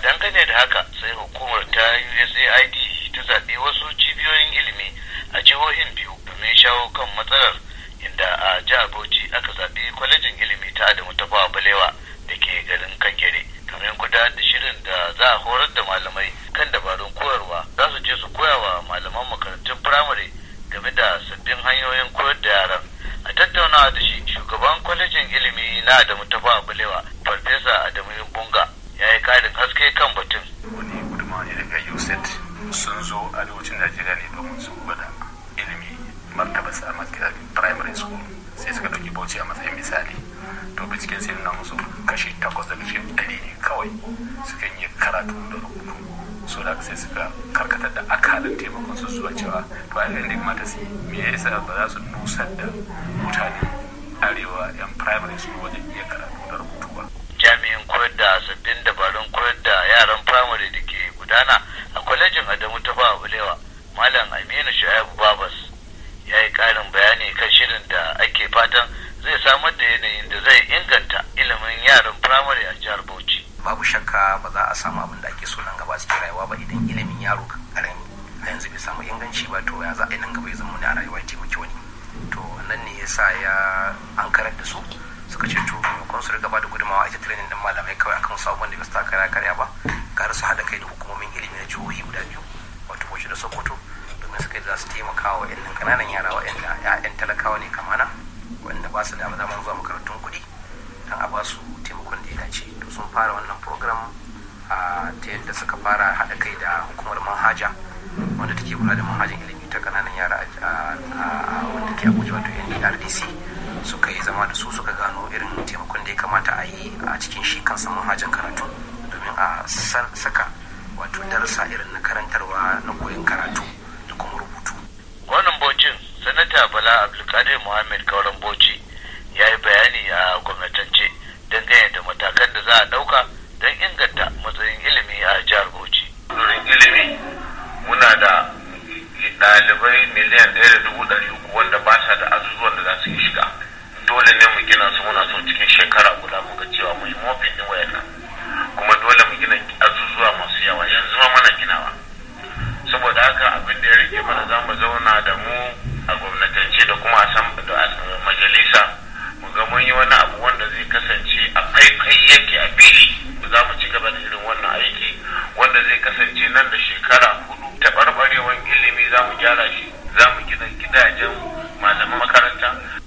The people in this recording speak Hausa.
dangane da haka sai hukumar ta usaid ta zaɓi wasu cibiyoyin ilimi a jihohin biyu domin shawo kan matsalar inda a jihar bauchi aka zaɓi kwalejin ilimi ta adamu ta bawa balewa da ke garin kangere domin guda da shirin da za a horar da malamai kan dabarun koyarwa za su je su koya wa malaman makarantun firamare game da sabbin hanyoyin koyar da yaran a tattaunawa da shi shugaban kwalejin ilimi na adamu ta bawa balewa haske kan batun. Wani gudunmawa ne daga USAID sun zo a arewacin Najeriya ne domin su gwada ilimi martaba sa primary school sai suka ɗauki bauchi a matsayin misali to binciken sai nuna musu kashi takwas da cikin ɗari ne kawai suka yi karatu da rubutu so da sai suka karkatar da akalin taimakon su zuwa cewa to a da mata su me ya yasa ba za su nusar da mutane arewa yan primary school wajen iya karatu da rubutu ba jami'in koyar da sabbin da firamare da ke gudana a kwalejin Adamu ta Bawa Bulewa, Malam Aminu shayabu Babas ya yi karin bayani kan shirin da ake fatan zai samar da yanayin da zai inganta ilimin yaran firamare a jihar Bauchi. Babu shakka ba za a samu abin da ake so nan gaba cikin rayuwa ba idan ilimin yaro karami a yanzu bai samu inganci ba to ya za a yi nan gaba ya zama a rayuwa taimaki wani. To nan ne ya sa ya an karar da su suka ce to kun su riga da gudumawa ita training din malamai kawai akan sabon da ba su takara karya ba ƙara su haɗa kai da hukumomin ilimi na jihohi guda biyu wato Bauchi da Sokoto domin su kai za su taimaka wa ƴan ƙananan yara wa ƴaƴan talakawa ne kamana wanda ba su da damar zuwa makarantun kuɗi don a ba su taimakon da ya dace to sun fara wannan program ta yadda suka fara haɗa kai da hukumar manhaja wanda take kula da manhajan ilimi ta kananan yara a wanda ke abuja wato ndrdc suka yi zama da su suka gano irin taimakon da ya kamata a yi a cikin shi kansa manhajan karatu a saka wato darasa irin na karantarwa na koyon karatu da kuma rubutu wannan bocin sanata bala abdulkadir muhammad kauran boci ya yi bayani a gwamnatance dangane da matakan da za a ɗauka don inganta matsayin ilimi a jihar bauchi ilimi muna da ɗalibai miliyan ɗaya da dubu ɗari uku wanda ba sa da azuzuwan da za su yi shiga dole ne mu gina su muna so cikin shekara guda muka cewa mu yi a fili za mu ci gaba da irin wannan aiki wanda zai kasance nan da shekara hudu ta barbarewan ilimi za mu gyara shi za mu gina gidajen malaman makaranta